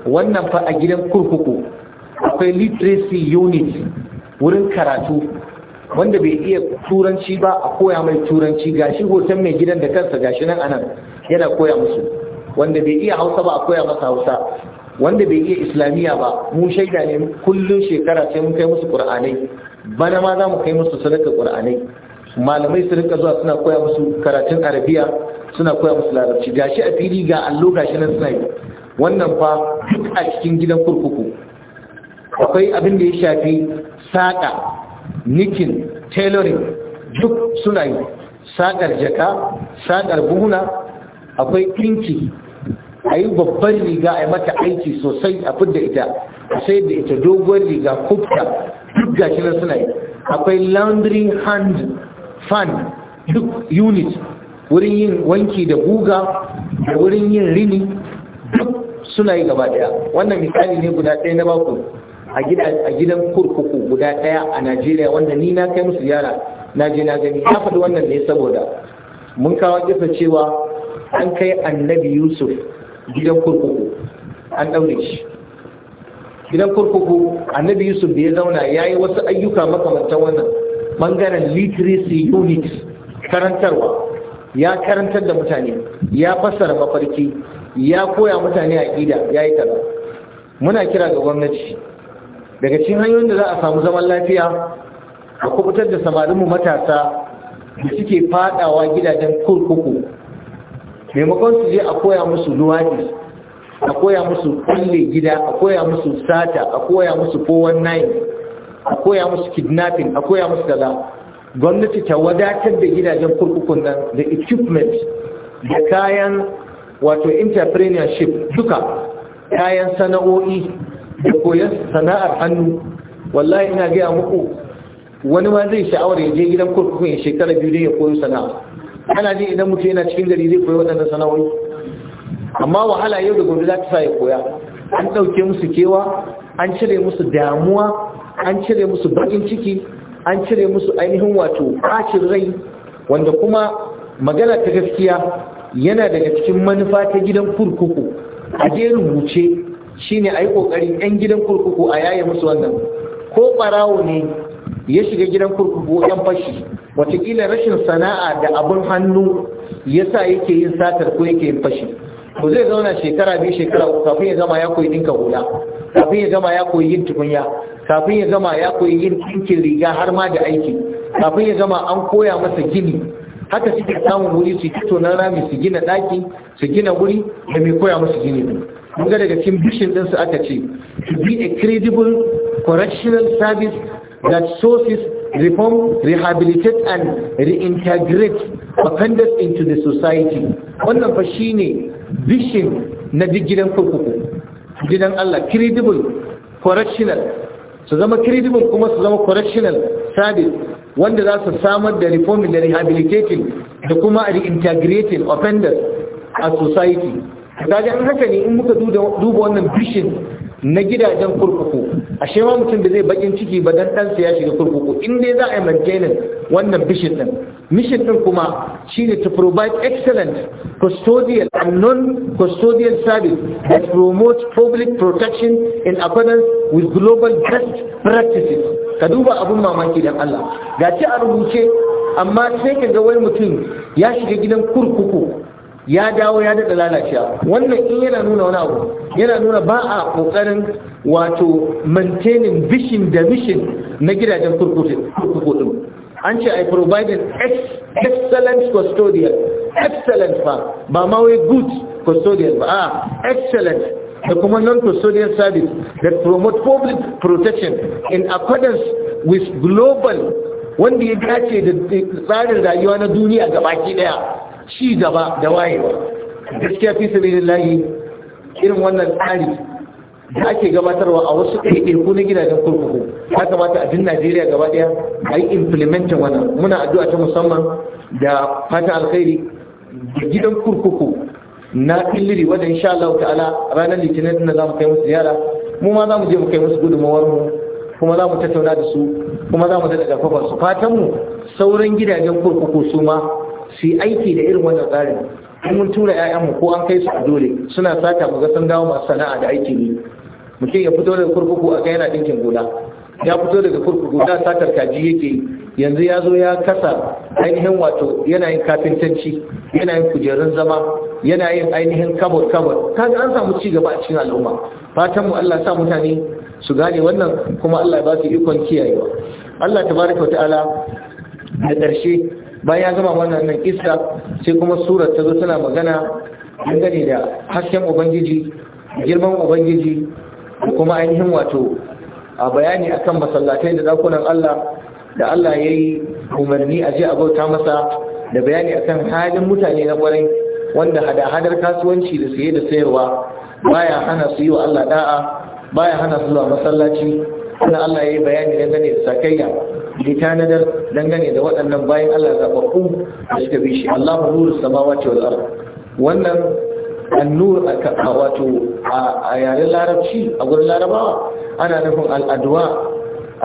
wannan fa a gidan kurkuku akwai literacy unit wurin karatu wanda bai iya turanci ba a koya mai turanci gashi hoton mai gidan da kansa gashi nan anan yana koya musu wanda bai iya hausa ba a koya masa hausa wanda bai iya islamiyya ba mu shaida ne kullum shekara sai mun kai musu qur'anai bana ma za mu kai musu sadaka qur'anai malamai su rinka zuwa suna koya musu karatun arabiya suna koya musu larabci gashi a fili ga allo gashi nan suna yi wannan fa duk a cikin gidan kurkuku akwai abin da ya shafi saƙa nikin tailoring duk suna yi saƙar jaka saƙar buhuna akwai ɗinki a yi babban riga a yi mata aiki sosai a fidda ita sai da ita doguwar riga kufta duk gashi nan suna yi akwai laundry hand fan duk unit wurin yin wanki da guga da wurin yin rini duk suna yi gaba daya wannan misali ne guda ɗaya na baku a gidan kurkuku guda ɗaya a najeriya wanda ni na kai musu yara na je na gani ya faɗi wannan ne saboda mun kawo kisa cewa an kai annabi yusuf gidan kurkuku an ɗaure shi gidan kurkuku annabi yusuf da ya zauna ya yi wasu ayyuka makamantar wannan bangaren literacy unit karantarwa ya karantar da mutane ya fassara mafarki ya koya mutane a ƙida ya yi tara muna kira ga gwamnati daga cikin hanyoyin da za a samu zaman lafiya a kubutar da samarinmu matasa da suke fadawa gidajen kurkuku maimakon su je a koya musu luwadi a koya musu kulle gida a koya musu sata a koya musu 419 a koya musu kidnapping a koya musu kaza gwamnati ta wadatar da gidajen kurkukun nan da equipment da kayan wato entrepreneurship duka kayan sana'o'i da koyon sana'ar hannu wallahi ina gaya muku wani ma zai sha'awar ya je gidan kurkukun ya shekara biyu don ya koyo sana'a ana ji idan mutum yana cikin gari zai koyi waɗannan sana'o'i amma wahala yau da gobe za ta sa ya koya an ɗauke musu kewa an cire musu damuwa an cire musu bakin ciki an cire musu ainihin wato ɓacin rai wanda kuma magana ta gaskiya yana daga cikin manufa ta gidan kurkuku a je rubuce shine a yi ƙoƙarin 'yan gidan kurkuku a yaye musu wannan ko ɓarawo ne ya shiga gidan kurkuku 'yan fashi watakila rashin sana'a da abin hannu ya sa yake yin satar ko yake yin fashi ko zai zauna shekara biyu shekara uku kafin ya gama ya koyi ɗinka hula kafin ya gama ya koyi yin tukunya kafin ya gama ya koyi yin ɗinkin riga har ma da aiki kafin ya gama an koya masa gini haka suke samun wuri su fito na rami su gina ɗaki su gina wuri da mai koya masa gini mun ga daga cikin bishin ɗinsu aka ce to be a credible correctional service that sources reform rehabilitate and reintegrate offenders into the society wannan fa shine bishin na duk gidan kurkuku gidan Allah credible correctional su zama credible kuma su zama correctional service wanda za su samar da reforming da rehabilitating da kuma reintegrating offenders a society kaga an haka ne in muka duba wannan vision na gidajen kurkuku a shewa mutum da zai bakin ciki ba dan ɗansa ya shiga kurkuku in dai za a yi maintaining wannan bishin ɗin mission ɗin kuma shine to provide excellent custodial and non-custodial service that promotes public protection in accordance with global best practices ka duba abun mamaki dan Allah ga ce a rubuce amma sai ka ga wani mutum ya shiga gidan kurkuku ya dawo ya daɗa lalacewa wannan in yana nuna wani abu yana nuna ba a ƙoƙarin wato maintaining vision da mission na gidajen kurkuku an ce i an excellent custodian excellent ba ba ma wai good custodian ba a ah, excellent da kuma non custodial service that promote public protection in accordance with global wanda ya dace da tsarin rayuwa na duniya gabaki daya ci gaba da wayewa gaskiya fi layi irin wannan tsari da ake gabatarwa a wasu ɗaiɗaiku na gidajen kurkuku ya kamata a jin najeriya gaba ɗaya a yi implementin wannan muna addu'a ta musamman da fata alkhairi da gidan kurkuku na illiri wanda insha Allah ta'ala ranar litinin da za mu kai musu ziyara mu ma za mu je mu kai musu gudunmawar mu kuma za mu tattauna da su kuma za mu daɗa ƙarfafa su fatan mu sauran gidajen kurkuku su ma su yi aiki da irin wannan tsarin in mun tura 'ya'yanmu ko an kai su a dole suna sata mu ga sun dawo masu sana'a da aiki ne mutum ya fito daga kurkuku a kai yana ɗinkin gula ya fito daga kurkuku da satar kaji yake yanzu ya zo ya kasa ainihin wato yana kafintanci yana kujerun zama yana yin ainihin kabot kabot kaga an samu ci gaba a cikin al'umma fatan mu Allah sa mutane su gane wannan kuma Allah ya ba su ikon kiyayewa Allah tabaraka ta'ala da ƙarshe bayan ya gama wannan nan sai kuma surar ta zo tana magana dangane da hasken ubangiji girman ubangiji kuma ainihin wato a bayani akan masallatai da dakunan Allah da Allah ya yi umarni a je a bauta masa da bayani akan halin mutane na kwarai wanda hada-hadar kasuwanci da saye da sayarwa baya hana su yi wa Allah da'a baya hana su zuwa masallaci sannan Allah ya yi bayani dangane da sakayya da tanadar dangane da waɗannan bayan Allah zaɓaɓɓu da suka bi shi Allahu nuru samawati wal ard wannan annur wato a yaren larabci a gurin larabawa ana nufin al'adwa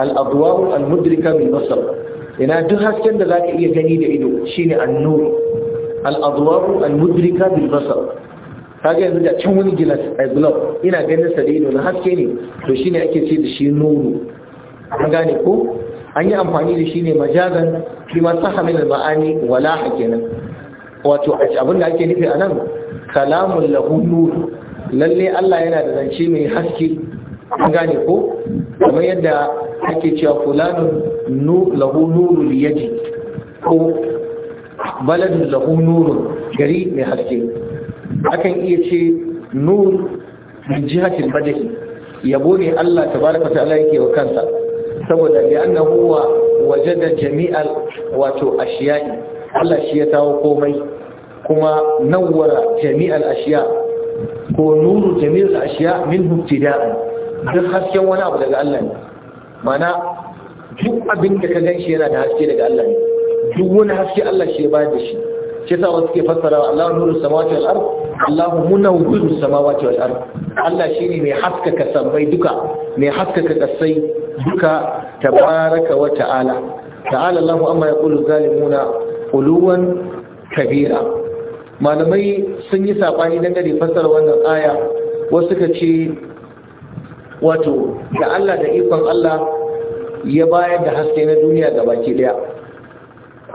al'adwa al-mudrika bil basar ina duk hasken da zaka iya gani da ido shine annur al'adwa al-mudrika bil basar kaga yanzu da can wani gilas a glove ina ganin sa da ido na haske ne to shine ake ce da shi nuru an gane ko an yi amfani da shi ne majazan fi ma sa hamil ma'ani wala hakenan wato abin da ake nufi a nan kalamun lahu nur lalle Allah yana da zance mai haske an gane ko kamar yadda ake cewa fulanun lahu nuru yaji ko baladun lahu nuru gari mai haske akan iya ce nur min jihatil badahi yabo ne Allah tabaraka ta'ala yake wa kansa saboda ya annahu huwa wajada jami'al wato ashiya'i Allah shi ya tawo komai kuma nawwara jami'al ashiya ko nuru jami'al ashiya min ibtida'an duk hasken wani abu daga Allah ne mana duk abin da ka ganshi yana da haske daga Allah ne duk wani haske Allah shi ya bayar da shi cewa yasa wasu ke fassara Allah nuru samawati wal ard Allah munawwiru samawati wal ard Allah shine mai haskaka sammai duka mai haskaka kasai duka tabaraka wa ta'ala ta'ala Allah amma yaqulu zalimuna uluwan kabira malamai sun yi sabani dangane fassara wannan aya wasu ka ce wato da Allah da ikon Allah ya bayar da haske na duniya gabaki daya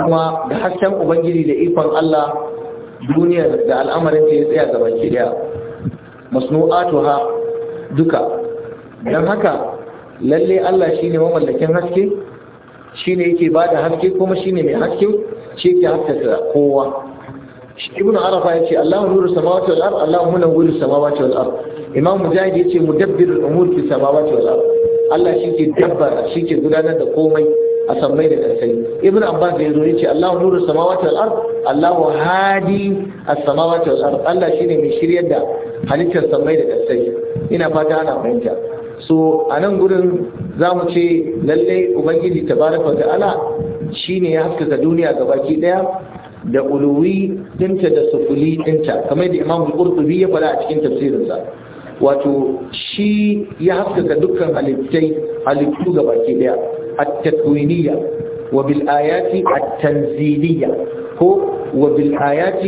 kuma da hasken ubangiji da ikon Allah duniyar da al'amarin ta ya tsaya gaba ke daya masnu'atu ha duka don haka lalle Allah shine mamallakin haske shine yake bada haske kuma shine mai haske shi ke haskaka kowa ibnu arafa yace Allahu nuru samawati wal ard Allahu nuru samawati wal ard imam mujahid yace mudabbiru al-umur fi samawati wal ard Allah shi ke dabbar shi ke gudanar da komai a sammai da ƙasai ibn abbas ya zo ce, Allahu nuru samawati wal ard Allahu hadi as samawati wal ard Allah shine mai shiryar da halittar sammai da ƙasai ina fata ana fahimta so a nan gurin zamu ce lalle ubangiji tabaraka ta'ala shine ya haskaka duniya ga baki daya da uluwi dinta da sufuli dinta kamar da Imam Qurtubi ya fada a cikin tafsirinsa wato shi ya haskaka dukkan halittai halittu gabaki daya التكوينية وبالآيات التنزيلية هو وبالآيات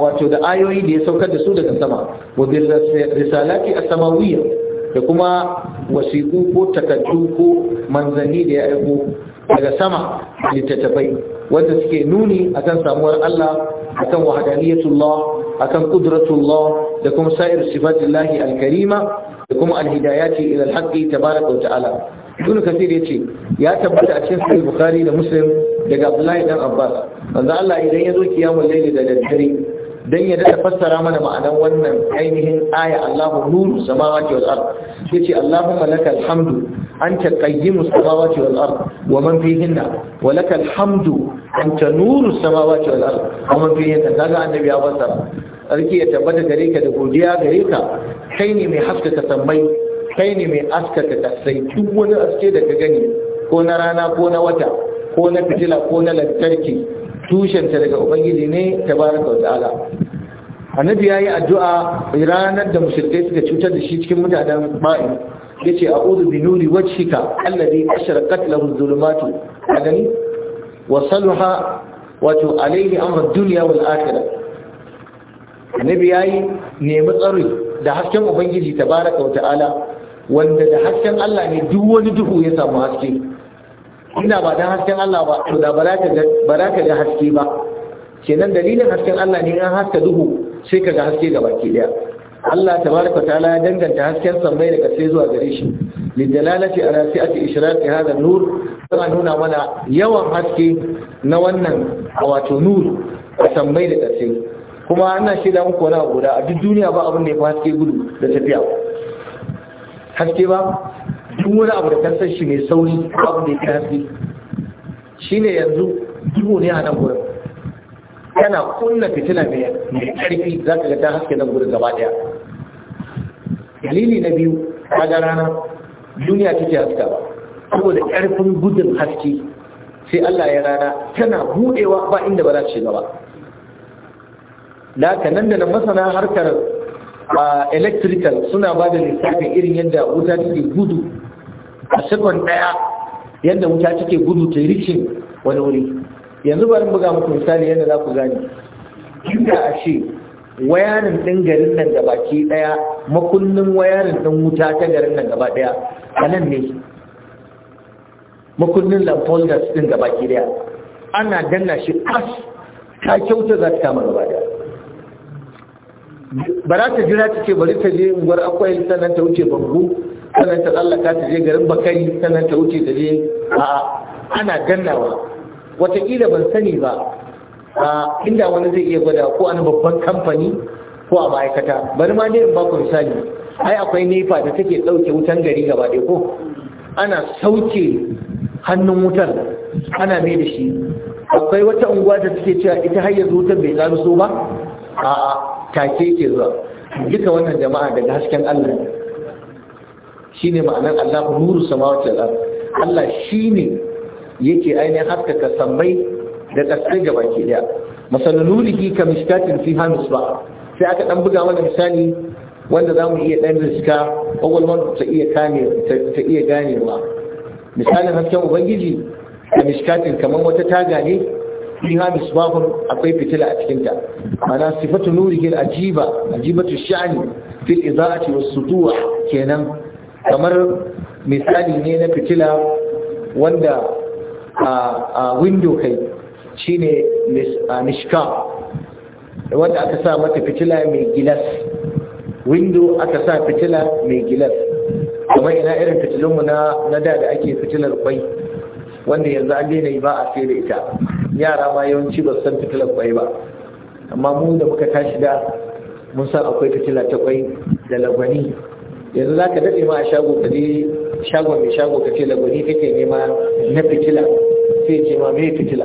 wato da ayoyi da ya saukar da su daga sama wabil risalati as-samawiyya da kuma wasiqu ko takaddu ko manzani da ya aiko daga sama littattafai wanda suke nuni akan samuwar Allah akan wahdaniyatullah akan qudratullah da kuma sa'ir sifatillahi al da kuma al-hidayati ila al-haqqi ta'ala ibn kathir yace ya tabbata a cikin sahih bukhari da muslim daga abdullahi dan abbas manzo Allah idan ya zo kiyamul layli da daddare dan ya dada fassara mana ma'anar wannan ainihin aya Allahu nuru samawati wal ard yace Allahumma lakal hamdu anta qayyimu samawati wal ard wa man fihinna wa lakal hamdu anta nuru samawati wal ard wa man fihinna kaga annabi ya fassara sarki ya tabbata gare ka da godiya gare ka kai ne mai haskaka sammai kai ne mai askata kasai duk wani aske da ka gani ko na rana ko na wata ko na fitila ko na lantarki tushenta daga ubangiji ne tabaraka wa ta'ala annabi yayi addu'a ranar da mushrikai suka cutar da shi cikin mutanen ba'in yace a'udhu bi nuri wajhika alladhi ashraqat lahu adh-dhulumatu adani wa salaha wa tu alayhi amr ad-dunya wal akhirah annabi yayi nemi tsari da hasken ubangiji tabaraka wa ta'ala wanda da hasken Allah ne duk wani duhu ya samu haske ina ba dan hasken Allah ba to da ba za ka ga haske ba kenan dalilin hasken Allah ne an haska duhu sai ka ga haske gaba ke daya Allah tabaraka ta'ala ya danganta hasken mai da kasai zuwa gare shi dalalati ala si'ati ishraqi hadha nur kana nuna mana yawan haske na wannan wato nur a mai da kasai kuma ana da muku na guda a duk duniya ba abin da ya fi haske gudu da tafiya haske ba duk wani abu da kasar shi mai sauri abu da ya haske shi ne yanzu duhu ne a nan gurin yana kunna fitila mai karfi za ka ga ta haske nan gurin gaba daya dalili na biyu kaga rana duniya take haska ba saboda karfin gudun haske sai Allah ya rana tana buɗewa ba inda ba za ta shiga ba da nan da na masana harkar electrical suna ba da lissafin irin yadda wuta take gudu a sekon daya yadda wuta take gudu ta rikin wani wuri yanzu bari buga muku misali yadda za ku gani. inda a ce wayanin ɗin garin nan gaba ke ɗaya makullin wayanin ɗin wuta ta garin nan gaba ɗaya a nan ne makullin lampolders ɗin gaba ke ɗaya ana danna shi as ta kyauta za ta kama gaba ɗaya ba za ta jira ta ce bari ta je unguwar akwai sannan ta wuce bambu sannan ta tsallaka ta je garin bakari sannan ta wuce ta je a ana gannawa watakila ban sani ba a inda wani zai iya gwada ko ana babban kamfani ko a ma'aikata bari ma ne ba ku misali ai akwai nefa da take ɗauke wutan gari gaba ɗaya ko ana sauke hannun wutar ana mai da shi akwai wata unguwa da take cewa ita har yanzu wutar bai tsaro so ba a'a Kake yake zuwa duka wannan jama'a daga hasken Allah shine ma'anar Allah nuru samawati al Allah shi ne yake ainihin haskaka sammai da ƙasar gaba ke daya ka nurihi fi hamis ba sai aka ɗan buga mana misali wanda za mu iya ɗan riska ƙwaƙwalwar ta iya kame ta iya ganewa misalin hasken ubangiji ka miskatin kamar wata taga ne fiha misbahun akwai fitila a cikin ta mana sifatu nurihil ajiba ajibatu sha'ni fil izaati was sutuwa kenan kamar misali ne na fitila wanda a window kai shine mishka wanda aka sa mata fitila mai gilas window aka sa fitila mai gilas Kamar ina irin fitilunmu na da ake fitilar kwai wanda yanzu an daina yi ba sai da ita yara ma yawanci ba san fitilar kwai ba amma mu da muka tashi da mun san akwai fitila ta kwai da lagwani yanzu za ka daɗe ma a shago ka je shagon mai shago ka ce lagwani kake nema na fitila sai ce ma mai fitila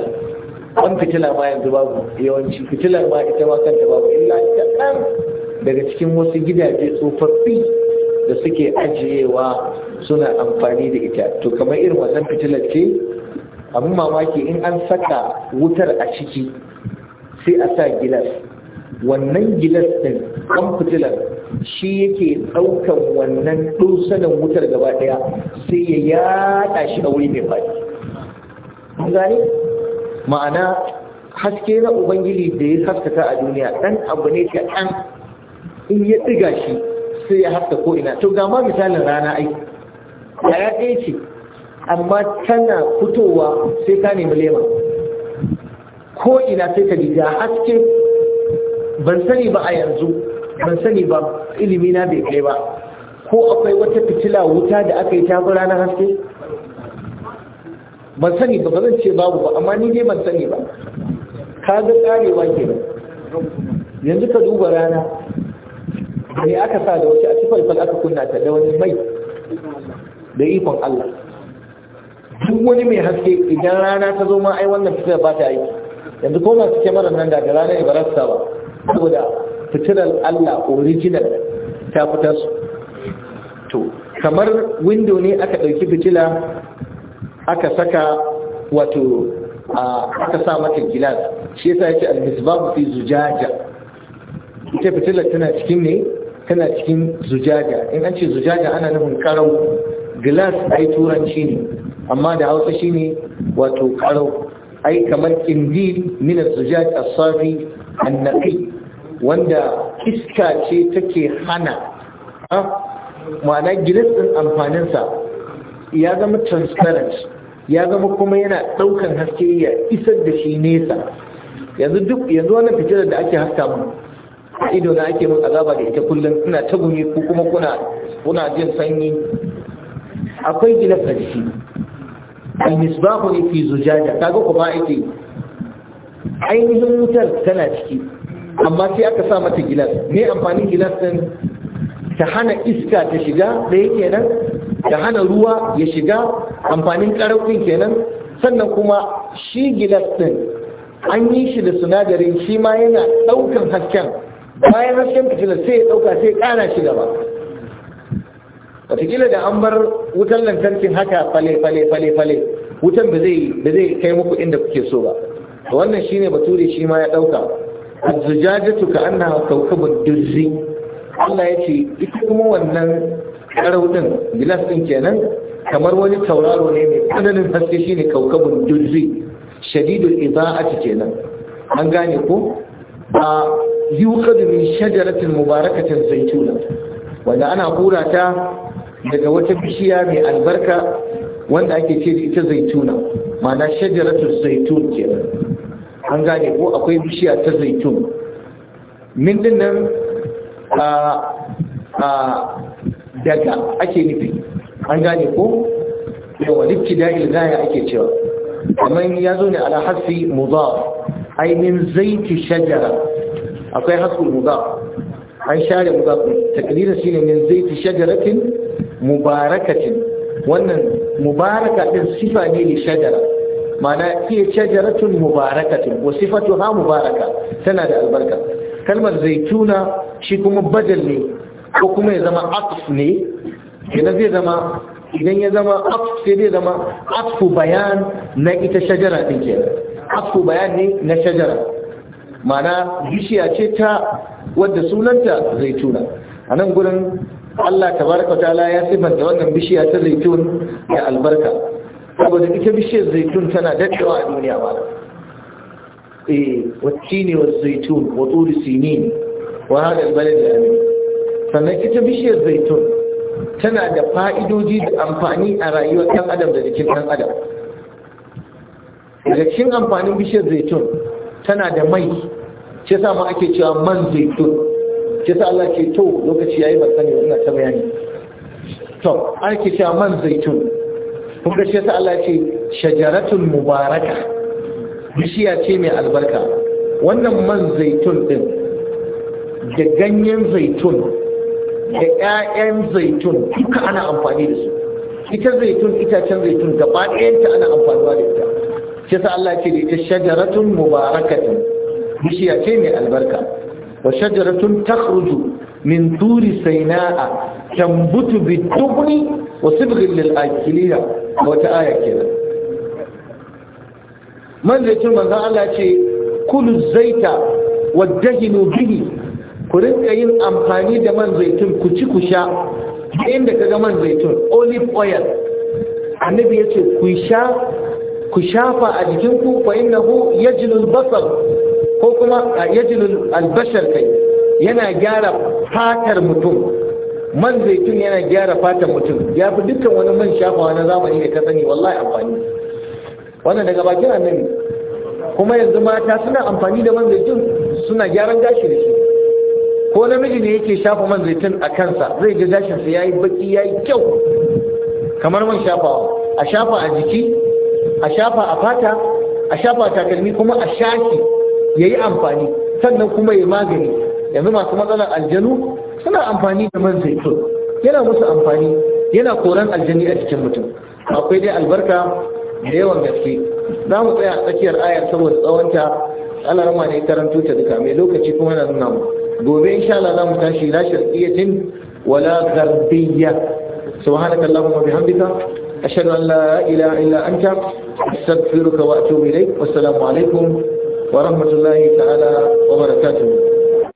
an fitila ma yanzu babu yawanci fitilar ma ita ma kanta babu illa ita kan daga cikin wasu gidaje tsofaffi da suke ajiyewa suna amfani da ita to kamar irin wannan fitilar ce abin mamaki in an saka wutar a ciki sai a sa gilas wannan gilas ɗin kan fitilar shi yake ɗaukan wannan ɗusanin wutar gaba ɗaya sai ya yaɗa shi a wuri mai faɗi gane ma'ana haske na ubangiji da ya haskaka a duniya ɗan abu ne ka ɗan in ya ɗiga shi sai ya haska ko ina to ga ma misalin rana ai ya ɗaya ce amma tana fitowa sai ta nemi lema ko ina sai ta ga haske ban sani ba a yanzu ban sani ba ilimi na bai kai ba ko akwai wata fitila wuta da aka yi tafi ranar haske ban sani ba zan ce babu ba amma ni dai ban sani ba ka ga karewa ke ba. yanzu ka duba rana mai aka sa da wace a cikin aka kunna ta da wani mai da ikon Allah duk wani mai haske idan rana ta zo ma ai wannan fitilar ba ta aiki yanzu ko masu kyamarar nan da ga rana ne ba saboda fitilar Allah original ta fita su to kamar window ne aka ɗauki fitila aka saka wato aka sa mata gilas shi yasa yake al misbah fi zujaja ita fitilar tana cikin ne tana cikin zujaja in an ce zujaja ana nufin karau gilas ai turanci ne amma da hausa shine wato karo, ai kamar kindil min az-zujaj wanda iska ce take hana ma'ana gilas din amfaninsa ya zama transparent ya zama kuma yana ɗaukar haske ya isar da shi nesa yanzu duk yanzu wannan fitilar da ake haska a ido na ake mun azaba da ita kullum ina ta gumi ko kuma kuna jin sanyi akwai gilas a al-misbahu fi zujaja kaga ku ba yake ainihin wutar tana ciki amma sai aka sa mata gilas me amfanin gilas din ta hana iska ta shiga ɗaya kenan ta hana ruwa ya shiga amfanin ɗin kenan sannan kuma shi gilas din an yi shi da sinadarin shi ma yana ɗaukan hasken bayan hasken fitilar sai ya ɗauka sai ƙara shi gaba wataƙila da an bar wutan lantarkin haka fale fale fale fale wutan ba zai zai kai muku inda kuke so ba to wannan shine bature shi ma ya dauka azzujajatu ka annaha kawkabud dirzi Allah ya ce ita kuma wannan karau gilas ɗin kenan kamar wani tauraro ne mai tsananin haske shine kawkabud durri shadidul idaa'ati kenan an gane ko a yuqadu min shajaratin mubarakatin zaituna wanda ana hura ta daga wata bishiya mai albarka wanda ake ce ita zaituna ma'ana shajaratu zaitun ke an gane ko akwai bishiya ta zaitun min dinnan a a daga ake nufi an gane ko yawa wani kida ilgaya ake cewa kamar ya zo ne ala hasi muza ainihin zaiti shajara akwai hasu muza an share mudaf takdirin shine min zaiti shajaratin mubarakatin wannan mubaraka din sifa ne li shajara ma'ana iya shajaratun mubarakatin wa sifatu ha mubaraka tana da albarka kalmar zaituna shi kuma badal ne ko kuma ya zama aqf ne idan zai zama idan ya zama aqf sai zai zama aqfu bayan na ita shajara din ke aqfu bayan ne na shajara ma'ana bishiya ce ta wadda sunanta zaituna a nan gurin Allah tabaraka ta'ala ya sifanta wannan bishiya ta zaitun da albarka saboda ita bishiyar zaitun tana daɗewa a duniya ba eh wacce ne wa zaitun wa turi sinin wa hada albalad da amin sannan ita bishiyar zaitun tana da fa'idoji da amfani a rayuwar ɗan adam da jikin ɗan adam da cikin amfanin bishiyar zaitun tana da mai ce sa ma ake cewa man zaitun ke sa Allah ke to lokaci yayi ban sani ina ta bayani to an ke cewa man zaitun kun ga shi sa Allah ce shajaratul mubaraka bishiya ce mai albarka wannan man zaitun din da ganyen zaitun da ƴaƴan zaitun duka ana amfani da su ita zaitun itacen zaitun gaba ɗayanta ana amfani da ita shi sa Allah ce da ita shajaratun mubarakatun bishiya ce mai albarka wa shajaratun takhruju min turi saina'a tambutu bitubni wa sibghin lil akiliya wata aya kenan manzon manzon Allah ce kulu zaita wadahinu bihi ku rinka yin amfani da man zaitun ku ci ku sha inda kaga man zaitun olive oil annabi yace ku ku shafa a jikinku fa innahu yajlul basar ko kuma a yajilul albashar kai yana gyara fatar mutum man zaitun yana gyara fatar mutum ya fi dukkan wani man shafawa na zamani da ka sani wallahi amfani wannan daga bakin annabi kuma yanzu mata suna amfani da man zaitun suna gyaran gashi da shi ko namiji ne yake shafa man zaitun a kansa zai ga gashinsa ya yi baki yayi kyau kamar man shafawa a shafa a jiki a shafa a fata a shafa takalmi kuma a shaki ya yi amfani sannan kuma ya magani yanzu masu matsalar aljanu suna amfani da man zaitun yana musu amfani yana koran aljani a cikin mutum akwai dai albarka da yawan gaske za mu tsaya a tsakiyar ayar saboda tsawonta Allah rama ne karanto ta duka mai lokaci kuma na nuna mu gobe insha Allah za mu tashi la sharqiyatin wala gharbiyya subhanaka allahumma bihamdika ashhadu an la ilaha illa anta astaghfiruka wa atubu ilaik wassalamu alaikum wa rahmatullahi ta'ala wa barakatuhu